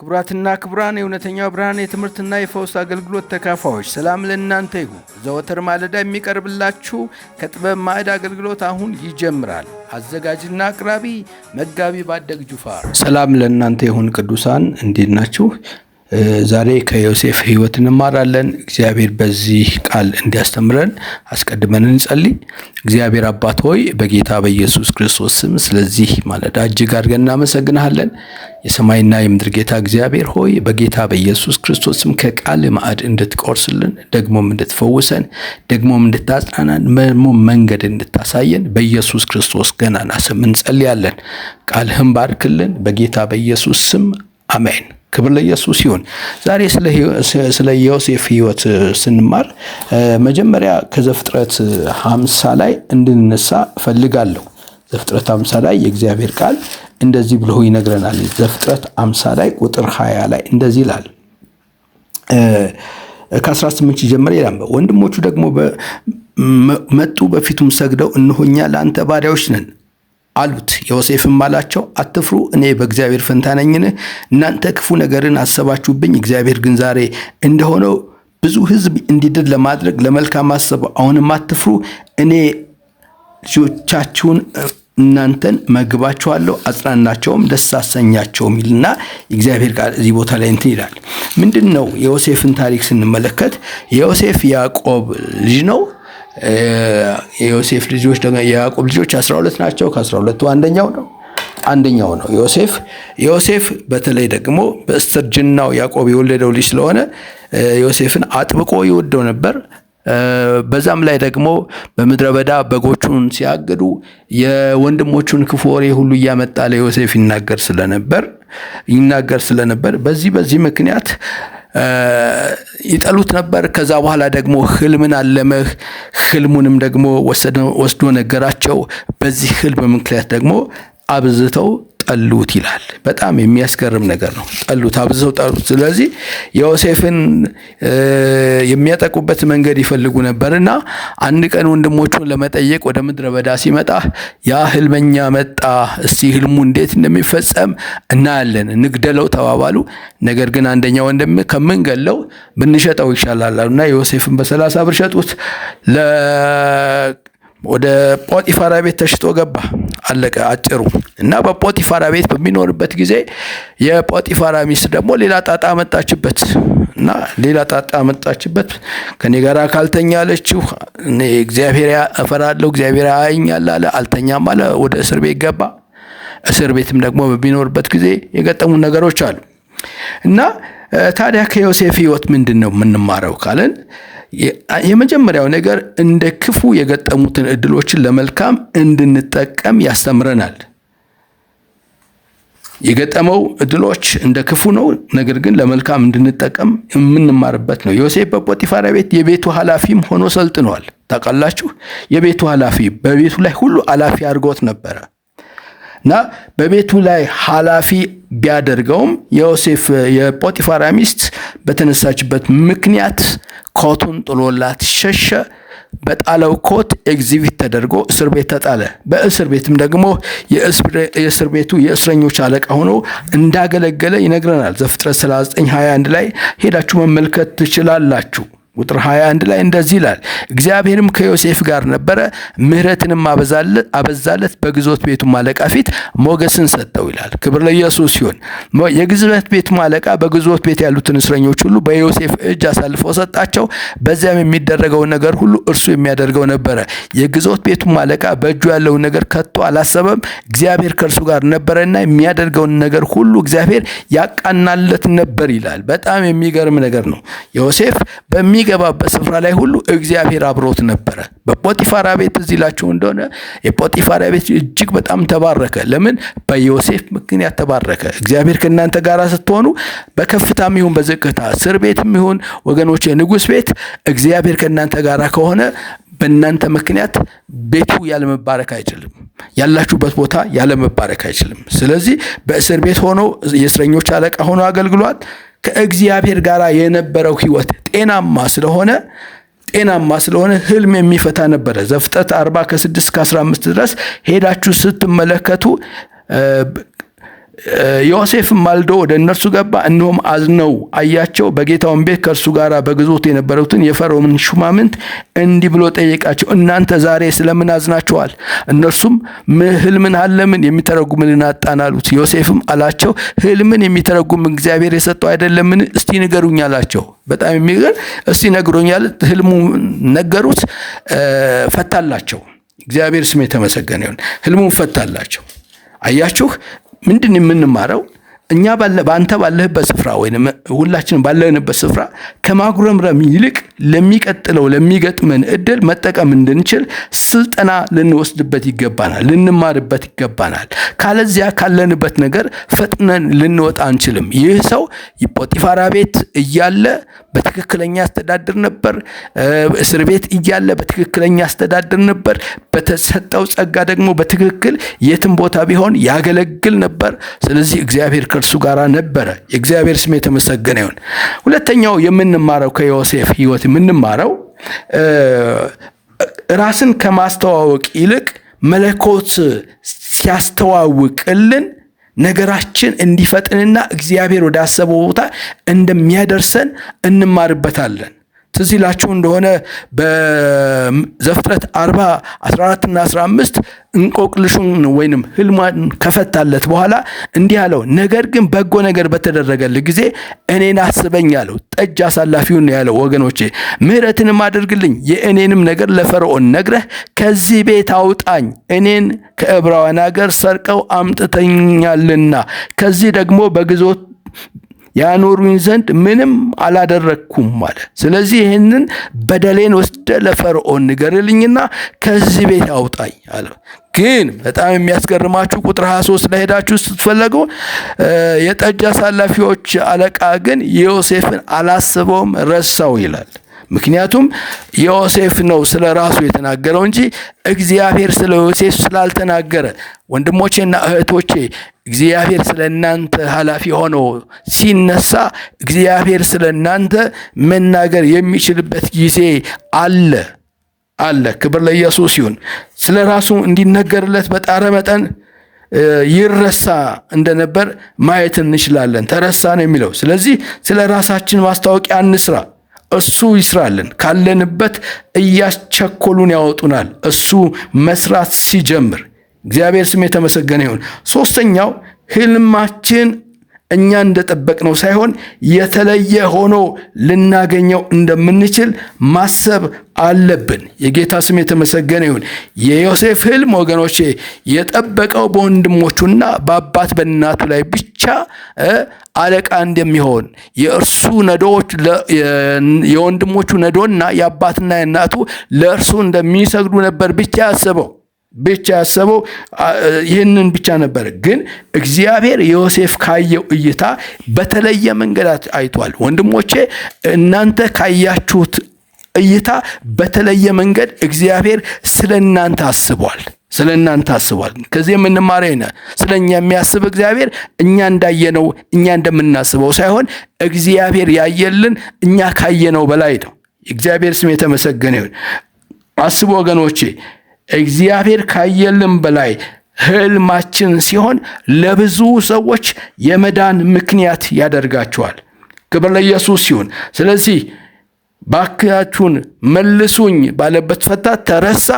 ክቡራትና ክቡራን የእውነተኛው ብርሃን የትምህርትና የፈውስ አገልግሎት ተካፋዮች ሰላም ለእናንተ ይሁን። ዘወትር ማለዳ የሚቀርብላችሁ ከጥበብ ማዕድ አገልግሎት አሁን ይጀምራል። አዘጋጅና አቅራቢ መጋቢ ባደግ ጁፋር። ሰላም ለእናንተ ይሁን ቅዱሳን፣ እንዴት ናችሁ? ዛሬ ከዮሴፍ ሕይወት እንማራለን። እግዚአብሔር በዚህ ቃል እንዲያስተምረን አስቀድመን እንጸልይ። እግዚአብሔር አባት ሆይ በጌታ በኢየሱስ ክርስቶስ ስም ስለዚህ ማለዳ እጅግ አድርገን እናመሰግንሃለን። የሰማይና የምድር ጌታ እግዚአብሔር ሆይ በጌታ በኢየሱስ ክርስቶስ ስም ከቃል ማዕድ እንድትቆርስልን ደግሞም እንድትፈውሰን ደግሞም እንድታጽናናን ደግሞ መንገድ እንድታሳየን በኢየሱስ ክርስቶስ ገናና ስም እንጸልያለን። ቃልህን ባርክልን በጌታ በኢየሱስ ስም አሜን። ክብር ለኢየሱስ ይሁን። ዛሬ ስለ ዮሴፍ ህይወት ስንማር መጀመሪያ ከዘፍጥረት ሀምሳ ላይ እንድንነሳ ፈልጋለሁ ዘፍጥረት ሀምሳ ላይ የእግዚአብሔር ቃል እንደዚህ ብሎ ይነግረናል። ዘፍጥረት ሀምሳ ላይ ቁጥር ሀያ ላይ እንደዚህ ይላል ከ18 ጀምሮ ይላል ወንድሞቹ ደግሞ መጡ፣ በፊቱም ሰግደው፣ እነሆ እኛ ለአንተ ባሪያዎች ነን አሉት። ዮሴፍም አላቸው አትፍሩ፣ እኔ በእግዚአብሔር ፈንታ ነኝን? እናንተ ክፉ ነገርን አሰባችሁብኝ፣ እግዚአብሔር ግን ዛሬ እንደሆነው ብዙ ሕዝብ እንዲድር ለማድረግ ለመልካም አሰብ። አሁንም አትፍሩ፣ እኔ ልጆቻችሁን እናንተን መግባችኋለሁ፣ አጽናናቸውም፣ ደስ አሰኛቸውም ይልና እግዚአብሔር ቃል እዚህ ቦታ ላይ እንትን ይላል። ምንድን ነው የዮሴፍን ታሪክ ስንመለከት የዮሴፍ ያዕቆብ ልጅ ነው የዮሴፍ ልጆች ደግሞ የያዕቆብ ልጆች አስራ ሁለት ናቸው። ከአስራ ሁለቱ አንደኛው ነው አንደኛው ነው ዮሴፍ። ዮሴፍ በተለይ ደግሞ በስተርጅናው ያዕቆብ የወለደው ልጅ ስለሆነ ዮሴፍን አጥብቆ ይወደው ነበር። በዛም ላይ ደግሞ በምድረ በዳ በጎቹን ሲያግዱ የወንድሞቹን ክፉ ወሬ ሁሉ እያመጣ ለዮሴፍ ይናገር ስለነበር ይናገር ስለነበር በዚህ በዚህ ምክንያት ይጠሉት ነበር። ከዛ በኋላ ደግሞ ህልምን አለመህ። ህልሙንም ደግሞ ወስዶ ነገራቸው። በዚህ ህልም ምክንያት ደግሞ አብዝተው ጠሉት ይላል። በጣም የሚያስገርም ነገር ነው። ጠሉት፣ አብዝተው ጠሉት። ስለዚህ ዮሴፍን የሚያጠቁበት መንገድ ይፈልጉ ነበርና አንድ ቀን ወንድሞቹን ለመጠየቅ ወደ ምድረ በዳ ሲመጣ ያ ህልመኛ መጣ። እስቲ ህልሙ እንዴት እንደሚፈጸም እናያለን፣ ንግደለው ተባባሉ። ነገር ግን አንደኛ ወንድም ከምንገለው ብንሸጠው ይሻላል አሉና ዮሴፍን በሰላሳ ብር ሸጡት። ወደ ጶጢፋራ ቤት ተሽጦ ገባ። አለቀ አጭሩ። እና በጶጢፋራ ቤት በሚኖርበት ጊዜ የጶጢፋራ ሚስት ደግሞ ሌላ ጣጣ መጣችበት እና ሌላ ጣጣ መጣችበት ከኔ ጋር አካልተኛ አለችው። እግዚአብሔር እፈራለሁ፣ እግዚአብሔር አያኛል አለ። አልተኛም አለ። ወደ እስር ቤት ገባ። እስር ቤትም ደግሞ በሚኖርበት ጊዜ የገጠሙ ነገሮች አሉ እና ታዲያ ከዮሴፍ ህይወት ምንድን ነው የምንማረው ካለን የመጀመሪያው ነገር እንደ ክፉ የገጠሙትን እድሎችን ለመልካም እንድንጠቀም ያስተምረናል። የገጠመው እድሎች እንደ ክፉ ነው፣ ነገር ግን ለመልካም እንድንጠቀም የምንማርበት ነው። ዮሴፍ በጶጢፋራ ቤት የቤቱ ኃላፊም ሆኖ ሰልጥኗል። ታውቃላችሁ፣ የቤቱ ኃላፊ በቤቱ ላይ ሁሉ ኃላፊ አድርጎት ነበረ እና በቤቱ ላይ ኃላፊ ቢያደርገውም የዮሴፍ የጶጢፋራ ሚስት በተነሳችበት ምክንያት ኮቱን ጥሎላት ሸሸ። በጣለው ኮት ኤግዚቢት ተደርጎ እስር ቤት ተጣለ። በእስር ቤትም ደግሞ የእስር ቤቱ የእስረኞች አለቃ ሆኖ እንዳገለገለ ይነግረናል። ዘፍጥረት 39 21 ላይ ሄዳችሁ መመልከት ትችላላችሁ። ቁጥር 21 ላይ እንደዚህ ይላል፣ እግዚአብሔርም ከዮሴፍ ጋር ነበረ፣ ምሕረትንም አበዛለት፣ በግዞት ቤቱ አለቃ ፊት ሞገስን ሰጠው ይላል። ክብር ለኢየሱስ ይሁን። የግዞት ቤቱ አለቃ በግዞት ቤት ያሉትን እስረኞች ሁሉ በዮሴፍ እጅ አሳልፎ ሰጣቸው። በዚያም የሚደረገውን ነገር ሁሉ እርሱ የሚያደርገው ነበረ። የግዞት ቤቱ አለቃ በእጁ ያለውን ነገር ከቶ አላሰበም። እግዚአብሔር ከእርሱ ጋር ነበረና የሚያደርገውን ነገር ሁሉ እግዚአብሔር ያቃናለት ነበር ይላል። በጣም የሚገርም ነገር ነው። ዮሴፍ በሚ በሚገባበት ስፍራ ላይ ሁሉ እግዚአብሔር አብሮት ነበረ። በጶጢፋራ ቤት እዚህ ላችሁ እንደሆነ የጶጢፋራ ቤት እጅግ በጣም ተባረከ። ለምን? በዮሴፍ ምክንያት ተባረከ። እግዚአብሔር ከእናንተ ጋር ስትሆኑ በከፍታም ይሁን በዝቅታ እስር ቤትም ይሁን ወገኖች፣ የንጉሥ ቤት እግዚአብሔር ከእናንተ ጋር ከሆነ በእናንተ ምክንያት ቤቱ ያለመባረክ አይችልም። ያላችሁበት ቦታ ያለመባረክ አይችልም። ስለዚህ በእስር ቤት ሆኖ የእስረኞች አለቃ ሆኖ አገልግሏል። ከእግዚአብሔር ጋር የነበረው ህይወት ጤናማ ስለሆነ ጤናማ ስለሆነ ህልም የሚፈታ ነበረ። ዘፍጥረት 40 ከ6 እስከ 15 ድረስ ሄዳችሁ ስትመለከቱ ዮሴፍም ማልዶ ወደ እነርሱ ገባ፣ እነሆም አዝነው አያቸው። በጌታውን ቤት ከእርሱ ጋር በግዞት የነበሩትን የፈርዖንን ሹማምንት እንዲህ ብሎ ጠየቃቸው፣ እናንተ ዛሬ ስለምን አዝናችኋል? እነርሱም ህልምን አለምን የሚተረጉምልን አጣን አሉት። ዮሴፍም አላቸው፣ ህልምን የሚተረጉም እግዚአብሔር የሰጠው አይደለምን? እስቲ ንገሩኝ አላቸው። በጣም የሚገር እስቲ ነግሮኛል። ህልሙ ነገሩት፣ ፈታላቸው። እግዚአብሔር ስም የተመሰገነ ይሁን። ህልሙን ፈታላቸው። አያችሁ ምንድን የምንማረው እኛ በአንተ ባለህበት ስፍራ ወይም ሁላችን ባለንበት ስፍራ ከማጉረምረም ይልቅ ለሚቀጥለው ለሚገጥመን እድል መጠቀም እንድንችል ስልጠና ልንወስድበት ይገባናል፣ ልንማርበት ይገባናል። ካለዚያ ካለንበት ነገር ፈጥነን ልንወጣ አንችልም። ይህ ሰው ፖቲፋራ ቤት እያለ በትክክለኛ አስተዳድር ነበር፣ እስር ቤት እያለ በትክክለኛ አስተዳድር ነበር። በተሰጠው ጸጋ ደግሞ በትክክል የትም ቦታ ቢሆን ያገለግል ነበር። ስለዚህ እግዚአብሔር ከእርሱ ጋር ነበረ። የእግዚአብሔር ስም የተመሰገነ ይሁን። ሁለተኛው የምንማረው ከዮሴፍ ህይወት የምንማረው ራስን ከማስተዋወቅ ይልቅ መለኮት ሲያስተዋውቅልን ነገራችን እንዲፈጥንና እግዚአብሔር ወዳሰበው ቦታ እንደሚያደርሰን እንማርበታለን። ትዝ ይላችሁ እንደሆነ በዘፍጥረት 40 14ና 15 እንቆቅልሹን ወይንም ህልሟን ከፈታለት በኋላ እንዲህ አለው፣ ነገር ግን በጎ ነገር በተደረገልህ ጊዜ እኔን አስበኝ አለው። ጠጅ አሳላፊውን ያለው ወገኖቼ፣ ምሕረትንም አድርግልኝ የእኔንም ነገር ለፈርዖን ነግረህ ከዚህ ቤት አውጣኝ፣ እኔን ከዕብራውያን አገር ሰርቀው አምጥተኛልና ከዚህ ደግሞ በግዞት ያኖሩኝ ዘንድ ምንም አላደረግኩም አለ። ስለዚህ ይህንን በደሌን ወስደ ለፈርዖን ንገርልኝና ከዚህ ቤት አውጣኝ አለ። ግን በጣም የሚያስገርማችሁ ቁጥር 23 ለሄዳችሁ ስትፈለጉ የጠጅ አሳላፊዎች አለቃ ግን ዮሴፍን አላስበውም፣ ረሳው ይላል። ምክንያቱም ዮሴፍ ነው ስለ ራሱ የተናገረው እንጂ እግዚአብሔር ስለ ዮሴፍ ስላልተናገረ። ወንድሞቼና እህቶቼ እግዚአብሔር ስለ እናንተ ኃላፊ ሆኖ ሲነሳ እግዚአብሔር ስለ እናንተ መናገር የሚችልበት ጊዜ አለ አለ። ክብር ለኢየሱስ ይሁን። ስለ ራሱ እንዲነገርለት በጣረ መጠን ይረሳ እንደነበር ማየት እንችላለን። ተረሳ ነው የሚለው። ስለዚህ ስለ ራሳችን ማስታወቂያ እንስራ። እሱ ይስራልን። ካለንበት እያስቸኮሉን ያወጡናል። እሱ መስራት ሲጀምር እግዚአብሔር ስም የተመሰገነ ይሁን። ሶስተኛው ህልማችን እኛ እንደጠበቅነው ሳይሆን የተለየ ሆኖ ልናገኘው እንደምንችል ማሰብ አለብን። የጌታ ስም የተመሰገነ ይሁን። የዮሴፍ ህልም ወገኖቼ የጠበቀው በወንድሞቹና በአባት በእናቱ ላይ ብቻ አለቃ እንደሚሆን የእርሱ ነዶዎች የወንድሞቹ ነዶና የአባትና የእናቱ ለእርሱ እንደሚሰግዱ ነበር ብቻ ያስበው ብቻ ያሰበው ይህንን ብቻ ነበር። ግን እግዚአብሔር ዮሴፍ ካየው እይታ በተለየ መንገድ አይቷል። ወንድሞቼ እናንተ ካያችሁት እይታ በተለየ መንገድ እግዚአብሔር ስለ እናንተ አስቧል። ስለ እናንተ አስቧል። ከዚህ የምንማር ነ ስለ እኛ የሚያስብ እግዚአብሔር እኛ እንዳየነው እኛ እንደምናስበው ሳይሆን እግዚአብሔር ያየልን እኛ ካየነው በላይ ነው። እግዚአብሔር ስም የተመሰገነ ይሁን። አስቡ ወገኖቼ እግዚአብሔር ካየልን በላይ ህልማችን ሲሆን ለብዙ ሰዎች የመዳን ምክንያት ያደርጋቸዋል። ክብር ለኢየሱስ ይሁን። ስለዚህ ባካችሁን መልሱኝ ባለበት ፈታ ተረሳ።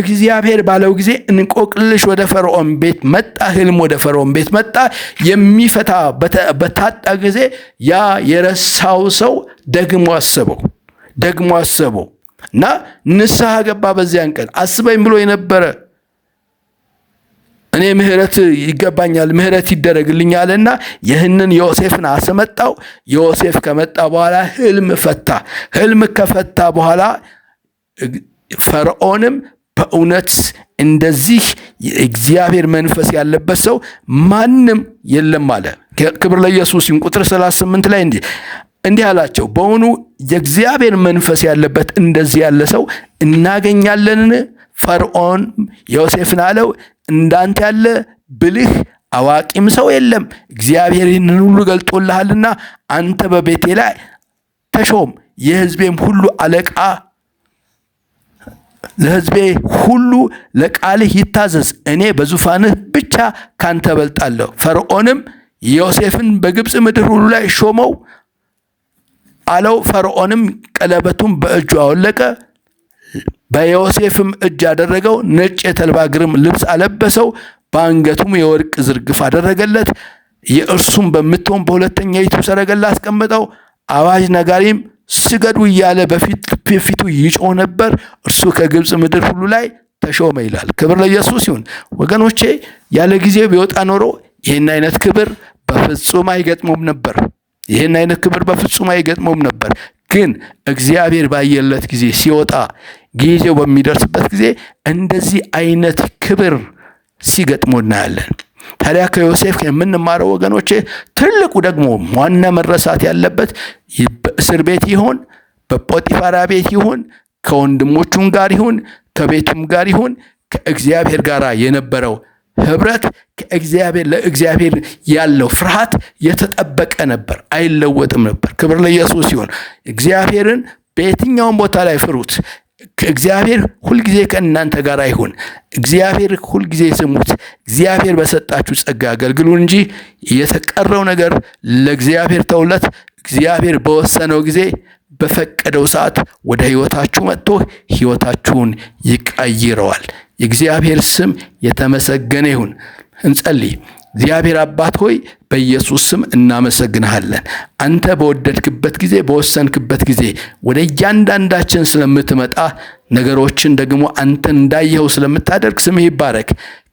እግዚአብሔር ባለው ጊዜ እንቆቅልሽ ወደ ፈርዖን ቤት መጣ። ህልም ወደ ፈርዖን ቤት መጣ። የሚፈታ በታጣ ጊዜ ያ የረሳው ሰው ደግሞ አሰበው፣ ደግሞ አሰበው። እና ንስሐ ገባ። በዚያን ቀን አስበኝ ብሎ የነበረ እኔ ምህረት ይገባኛል ምህረት ምሕረት ይደረግልኛልና ይህንን ዮሴፍን አስመጣው። ዮሴፍ ከመጣ በኋላ ህልም ፈታ። ህልም ከፈታ በኋላ ፈርዖንም በእውነት እንደዚህ የእግዚአብሔር መንፈስ ያለበት ሰው ማንም የለም አለ። ክብር ለኢየሱስ ቁጥር 38 ላይ እንዲህ እንዲህ አላቸው በውኑ የእግዚአብሔር መንፈስ ያለበት እንደዚህ ያለ ሰው እናገኛለንን? ፈርዖን ዮሴፍን አለው እንዳንተ ያለ ብልህ አዋቂም ሰው የለም፣ እግዚአብሔር ይህንን ሁሉ ገልጦልሃልና አንተ በቤቴ ላይ ተሾም፣ የህዝቤም ሁሉ አለቃ ለህዝቤ ሁሉ ለቃልህ ይታዘዝ፣ እኔ በዙፋንህ ብቻ ካንተ በልጣለሁ። ፈርዖንም ዮሴፍን በግብፅ ምድር ሁሉ ላይ ሾመው። አለው። ፈርዖንም ቀለበቱን በእጁ አወለቀ፣ በዮሴፍም እጅ አደረገው። ነጭ የተልባ ግርም ልብስ አለበሰው፣ በአንገቱም የወርቅ ዝርግፍ አደረገለት። የእርሱም በምትሆን በሁለተኛይቱ ሰረገላ አስቀምጠው አዋጅ ነጋሪም ስገዱ እያለ በፊቱ ይጮህ ነበር። እርሱ ከግብፅ ምድር ሁሉ ላይ ተሾመ ይላል። ክብር ለኢየሱስ ይሁን። ወገኖቼ ያለ ጊዜ ቢወጣ ኖሮ ይህን አይነት ክብር በፍጹም አይገጥሙም ነበር። ይህን አይነት ክብር በፍጹም አይገጥመውም ነበር። ግን እግዚአብሔር ባየለት ጊዜ ሲወጣ ጊዜው በሚደርስበት ጊዜ እንደዚህ አይነት ክብር ሲገጥሞ እናያለን። ታዲያ ከዮሴፍ የምንማረው ወገኖቼ፣ ትልቁ ደግሞ ዋና መረሳት ያለበት በእስር ቤት ይሁን በጶጢፋራ ቤት ይሁን ከወንድሞቹም ጋር ይሁን ከቤቱም ጋር ይሁን ከእግዚአብሔር ጋር የነበረው ህብረት ከእግዚአብሔር ለእግዚአብሔር ያለው ፍርሃት የተጠበቀ ነበር፣ አይለወጥም ነበር። ክብር ለኢየሱስ ሲሆን እግዚአብሔርን በየትኛውም ቦታ ላይ ፍሩት። እግዚአብሔር ሁልጊዜ ከእናንተ ጋር አይሁን። እግዚአብሔር ሁልጊዜ ስሙት። እግዚአብሔር በሰጣችሁ ጸጋ አገልግሉ እንጂ የተቀረው ነገር ለእግዚአብሔር ተውለት። እግዚአብሔር በወሰነው ጊዜ በፈቀደው ሰዓት ወደ ህይወታችሁ መጥቶ ህይወታችሁን ይቀይረዋል። የእግዚአብሔር ስም የተመሰገነ ይሁን። እንጸልይ። እግዚአብሔር አባት ሆይ በኢየሱስ ስም እናመሰግንሃለን። አንተ በወደድክበት ጊዜ፣ በወሰንክበት ጊዜ ወደ እያንዳንዳችን ስለምትመጣ ነገሮችን ደግሞ አንተን እንዳየኸው ስለምታደርግ ስምህ ይባረክ።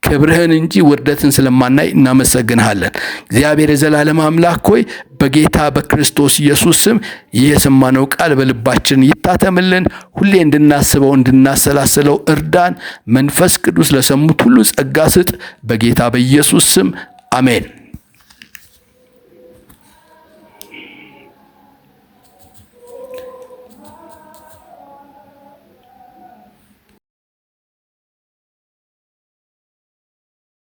ክብርህን እንጂ ውርደትን ስለማናይ እናመሰግንሃለን። እግዚአብሔር የዘላለም አምላክ ሆይ በጌታ በክርስቶስ ኢየሱስ ስም ይህ የሰማነው ቃል በልባችን ይታተምልን። ሁሌ እንድናስበው እንድናሰላስለው እርዳን። መንፈስ ቅዱስ ለሰሙት ሁሉ ጸጋ ስጥ። በጌታ በኢየሱስ ስም አሜን።